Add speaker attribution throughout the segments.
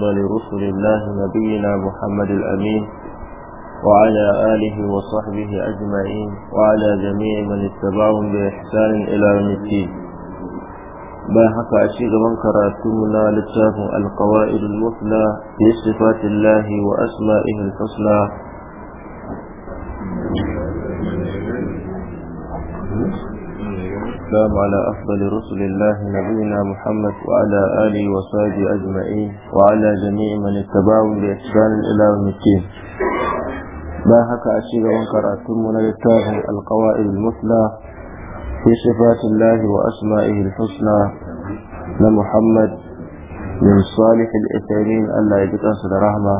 Speaker 1: لرسل الله نبينا محمد الأمين وعلى آله وصحبه أجمعين وعلى جميع من اتبعهم بإحسان إلى يوم الدين باي حكى أشيغ من كراتمنا لتشافه القوائد المثلى في صفات الله وأسمائه الحسنى والسلام على أفضل رسل الله نبينا محمد وعلى آله وصحبه أجمعين وعلى جميع من اتبعهم بإحسان إلى يوم الدين ما هكا أشيغ من قرأتم من القوائد المثلى في صفات الله وأسمائه الحسنى لمحمد من صالح الإثيمين ألا يتقصد رحمه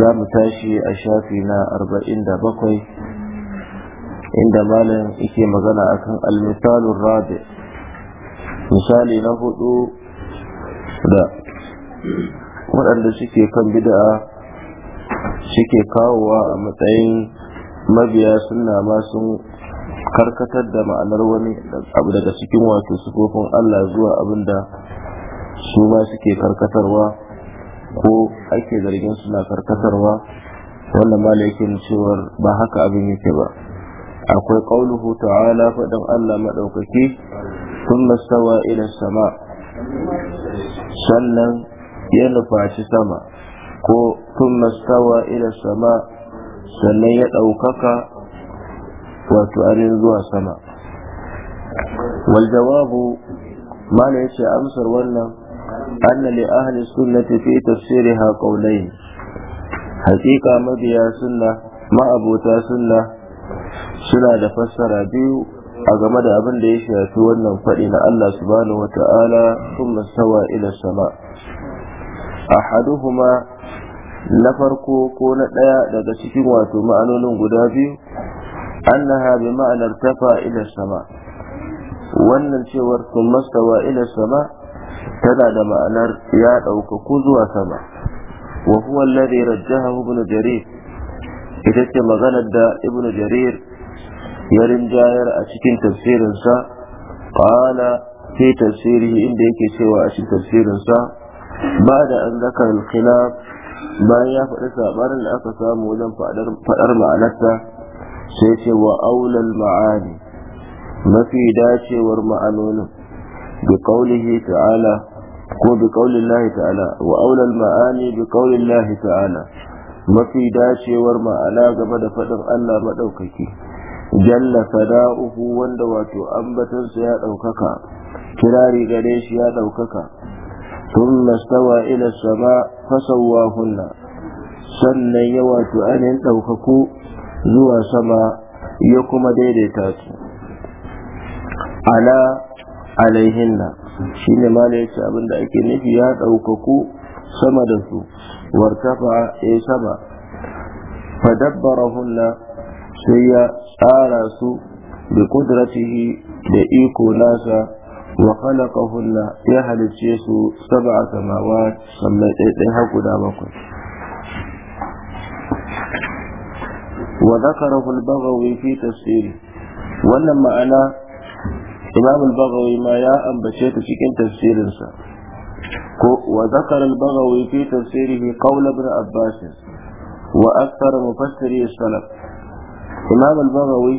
Speaker 1: za mu tashi a shafi na arba'in da bakwai inda malam yake magana akan almisalun rabi misali na hudu da waɗanda suke kan bid'a suke kawowa a matsayin mabiya suna ma sun karkatar da ma'anar wani abu daga cikin wato sufofin Allah zuwa abinda da su ma suke karkatarwa ko ake zargin suna karkatarwa wannan malakin cewar ba haka abin yake ba akwai qauluhu ta'ala faɗin Allah madaukaki thumma stawa ila sama sannan ya nufaci sama ko thumma stawa ila sama sannan ya ɗaukaka wato anin zuwa sama wal jawabu ya ce amsar wannan anna li ahli sunnati fi tafsiriha qawlayn haqiqa mabiya sunna ma abota sunna suna da fassara biyu a game da abin da ya shafi wannan faɗi na Allah subhanahu wata'ala sun masawa ila sama ahaduhuma na farko ko na ɗaya daga cikin wato ma'anonin guda biyu annaha haɓe ma'anar tafa ila sama wannan cewar sun masawa ila sama tana da ma'anar ya ɗaukaku zuwa sama wa huwa alladhi rajjahahu ibn jarir ita ce maganar da ibnu jarir ya rinjayar a cikin tafsirinsa ƙwala fi tafsirihi inda yake cewa a cikin tafsirinsa ba da an zaka al bayan ya faɗi sabarin da aka samu wajen faɗar ma'anarta, sai ce wa aulal ma'ani mafi dacewar ma'anonin bi qaulihi ta'ala ko bi qaulillahi ta'ala wa aulal ma'ani bi qaulillahi ta'ala mafi dacewar ma'ana game da faɗin Allah maɗaukaki jalla uku wanda wato ambatansa ya ɗaukaka kirari gare shi ya ɗaukaka thumma stawa ila sama hunna sannan ya wato anin ɗaukaku zuwa sama ya kuma daidaita su ala alaihinna shine ma da yace abinda ake nufi ya ɗaukaku sama da su wartafa ya eh, sama fadabbarahunna sai ya tsara su da kudratihi da iko nasa wa khalaqahunna ya halicce su sab'a samawa sannan ɗaiɗai har guda bakwai wa zakarahu al fi tafsiri wannan ma'ana imam al ma ya ambace ta cikin tafsirinsa ko wa zakara al-baghawi fi tafsirihi qawl ibn abbas wa akthar mufassiri salaf imam al-baghawi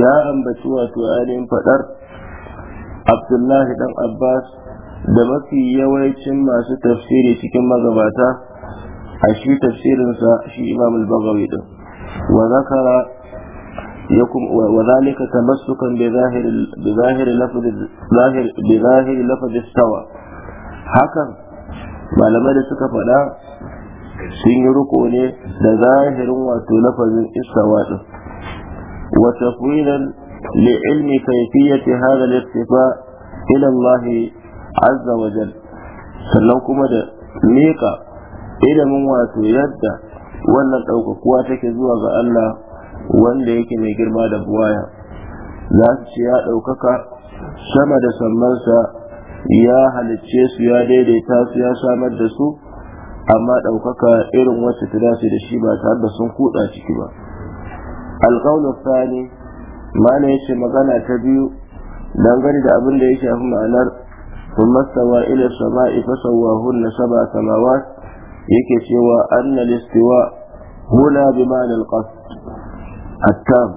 Speaker 1: ya ambaci wato ainihin fadar abdullahi dan abbas da mafi yawancin masu tafsiri cikin magabata a shi tafsirinsa shi imam al-baghawi din wa zakara يكم وذلك تمسكا بظاهر بظاهر لفظ ظاهر بظاهر لفظ استوى هكذا ما لما suka faɗa sun yi riko ne da zahirin wato lafazin istawa din وتفويلا لعلم كيفية هذا الاختفاء إلى الله عز وجل sannan kuma da miƙa ilimin wato yadda wannan ɗaukakuwa take zuwa ga Allah wanda yake mai girma da buwaya za su ce ya ɗaukaka sama da sammansa ya halicce su ya daidaita su ya samar da su amma ɗaukaka irin wacce ta dace da shi ba tare da sun kuɗa ciki ba alƙaunar sani mana ya ce magana ta biyu dangane da abin da ya shafi ma'anar sun mastawa ila sama'i fasawahun na saba samawa yake cewa anna listiwa huna bi ma'anar alqasd attam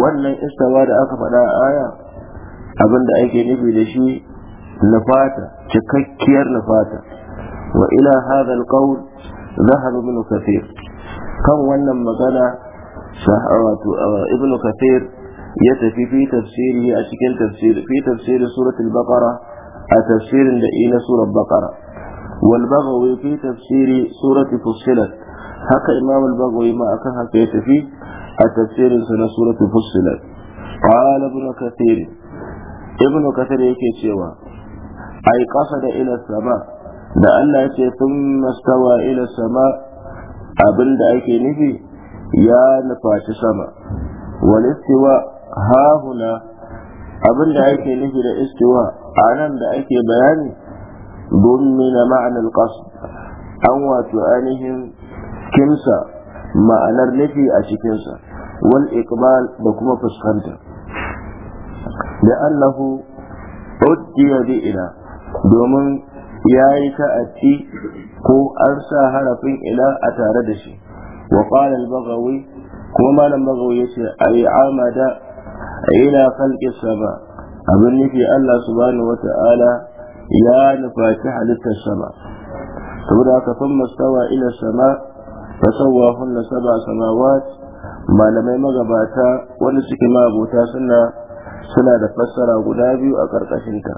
Speaker 1: wannan istawa da aka faɗa a aya abin da ake nufi da shi nufata cikakkiyar nufata wa ila hadha alqawl ذهب منه كثير kan wannan magana wato ibnu kathir ya tafi fi tafsiri a cikin tafsiri fi tafsiri suratul baqara a tafsirin da ina surar baqara wal baghawi fi tafsiri surati fussilat haka imam al baghawi ma akan haka ya tafi a tafsirin sa na surati fussilat qala ibn kathir ibn kathir yake cewa ai da ila sama da Allah yake sun stawa ila sama abinda ake nufi ya nufaci sama wal istiwa ha abin da ake nufi da istiwa a nan da ake bayani domin ma'anar qasd an wato ainihin Kinsa ma'anar nufi a cikinsa wal iqbal da kuma fuskanta da annahu uddiya bi ila domin yayi ta'ati ko an sa harafin ila a tare da shi wa qala al kuma malam bagawi yace ai amada ila khalqi sama abin nake Allah subhanahu wa ta'ala ya na halittar lita sama kafin ka san mustawa ila sama fa sawa hun sab'a malamai magabata wani suke magabata suna suna da fassara guda biyu a karkashin ta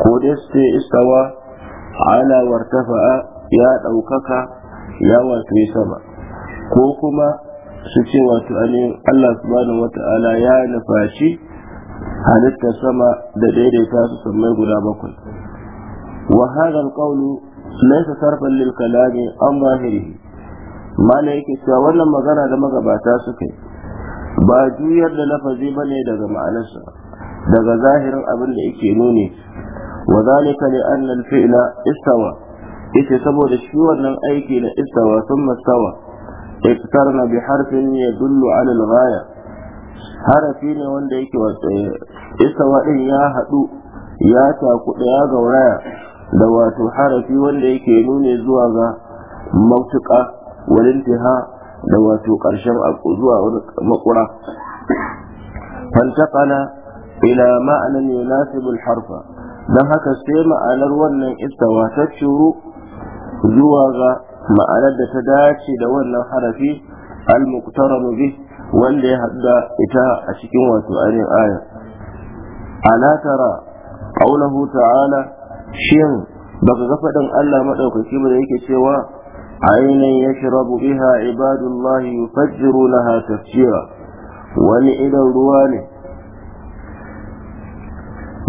Speaker 1: ko da ste istawa ala wartafa ya daukaka ya wato sama ko kuma su ce wato Allah subhanahu wata'ala ya nufashi halitta sama da daidaita su sammai guda bakwai wa hada alqawlu laysa sarfan lil kalami an zahirihi mana yake cewa wannan magana da magabata suka ba juyar da lafazi bane daga ma'anarsa daga zahirin abin da yake nuni wa zalika li anna al-fi'la istawa ita saboda shi wannan aiki na istawa sun mastawa اقترن بحرف يدل على الغاية harafi ne wanda yake watsaye isa waɗin ya haɗu ya takuɗa ya gauraya da wato harafi wanda yake nuna zuwa ga mautuka walintiha da wato ƙarshen zuwa wani makura fantakala ila ma'anan yunasibul harfa don haka sai ma'anar wannan istawa ta shuru zuwa ga ma'anar da ta dace da wannan harafi al-muqtaranu bih wanda ya hadda ita a cikin wato ainihin aya ala tara qawluhu ta'ala shin baka ga faɗin Allah madaukaki ba da yake cewa yashrabu biha ibadullah yufajjiru laha tafsira wani idan ruwa ne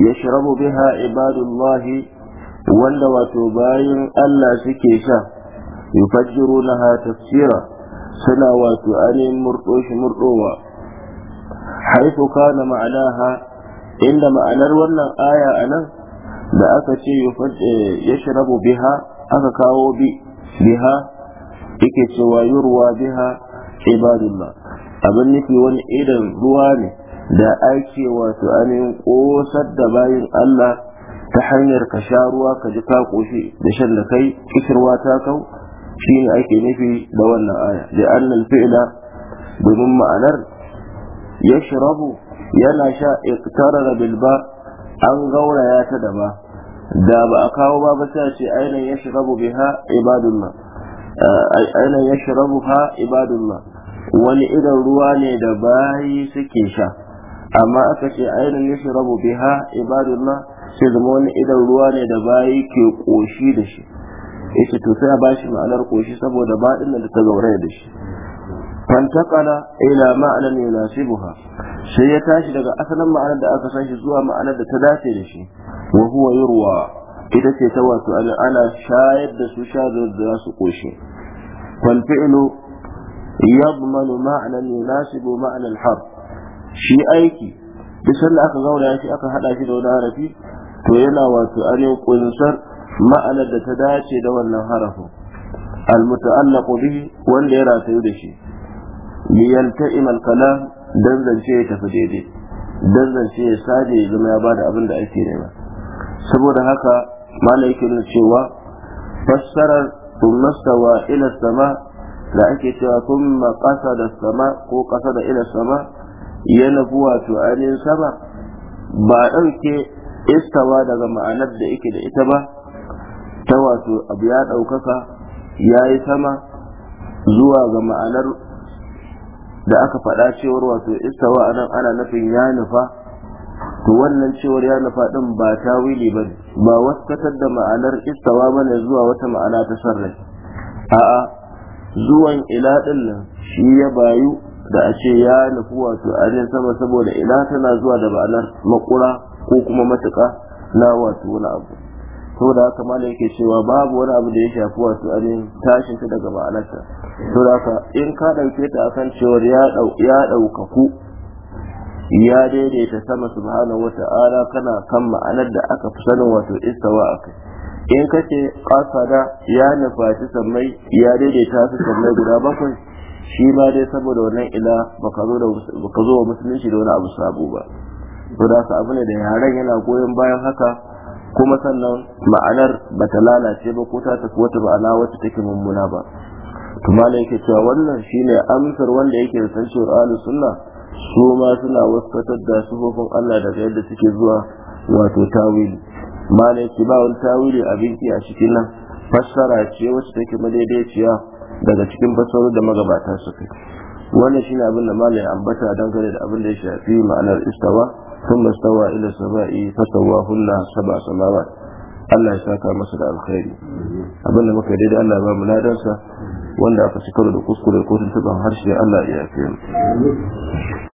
Speaker 1: yashrabu biha ibadullah wanda wato bayan Allah suke sha yufajjirunaha tafsira suna wato ainihin murɗo shi murɗowa haifu inda ma'anar wannan aya a nan da aka ce ya biha aka kawo biha yake cewa yurwa biha ibadullah abin nufi wani irin ruwa ne da ake wato ainihin ƙosar da bayin Allah ta hanyar ka sha ruwa ka ji ka da shan da kai kishirwa ta kau shine ake nufi da wannan aya da annal fi'la domin ma'anar yashrabu yana sha iktarara bil ba an gauraya ta da ba da ba a kawo ba ba sai ce aina yashrabu biha ibadullah eh, aina ha ibadullah wani irin ruwa ne da bayi suke sha amma aka ce aina yashrabu biha ibadullah sai zama wani irin ruwa ne da bayi ke koshi da shi yace to sai a bashi ma'anar koshi saboda baɗin da ta gauraya da shi fantakala ila ma'anar yunasibuha sai ya tashi daga asalin ma'anar da aka sashi zuwa ma'anar da ta dace da shi wa huwa yurwa ita ce ta wato ana shayar da su sha da za su koshi fal yadmanu ma'anan yunasibu ma'anar har shi aiki duk sanda aka gauraya shi aka hada shi da wani harafi to yana wato an kunsar ma'anar da ta dace da wannan harafin almuta'allaqu bi wanda ya ratayu da shi liyalta'im al-kalam dan zance ya tafi daidai dan zance ya saje ya zama ya bada abin da ake nema saboda haka malai ke cewa fassarar thumma ila sama da ake cewa thumma da sama ko da ila sama ya nufi wato ainihin sama ba ɗauke istawa daga ma'anar da yake da ita ba ta wato abu ya ɗaukaka ya yi sama zuwa ga ma'anar da aka faɗa cewar wato istawa a nan ana nufin ya nufa to wannan cewar ya nufa ɗin ba ta wili ba ba waskatar da ma'anar istawa ba ne zuwa wata ma'ana ta sarrai a'a zuwan ila ɗin nan shi ya bayu da a ce ya nufi wato arin sama saboda ila tana zuwa da ma'anar makura ko kuma matuka na wato wani abu to da haka malai yake cewa babu wani abu da ya shafi wasu abin tashin ta daga ma'anarta to da in ka ɗauke ta akan cewar ya ɗaukaku ya daidaita sama subhanahu wata'ala kana kan ma'anar da aka fi sanin wato istawa akai in kace kasada ya nufaci sammai ya daidaita su sammai guda bakwai shi ma dai saboda wannan ila baka zo da baka zo wa musulunci da wani abu sabo ba to da haka abu ne da yaran yana goyon bayan haka kuma sannan ma'anar ba ta lalace ba ko ta tafi wata ma'ana wacce take mummuna ba to malai yake cewa wannan shine amsar wanda yake da sanci cewa sunna su ma suna wasfatar da sufofin Allah daga yadda suke zuwa wato tawili malai yake ba wani tawili abinci a cikin nan fassara ce wacce take madaidaiciya daga cikin fassarar da magabata suka wannan shine abin da malai ambata dangane da abin da ya shafi ma'anar istawa ثم استوى إلى السماء فسواهن saba سماوات Allah ya saka masa da alkhairi abinda muka yi daidai Allah ba mu ladansa wanda aka shekaru da kuskure ko tuntuban harshe Allah ya yafe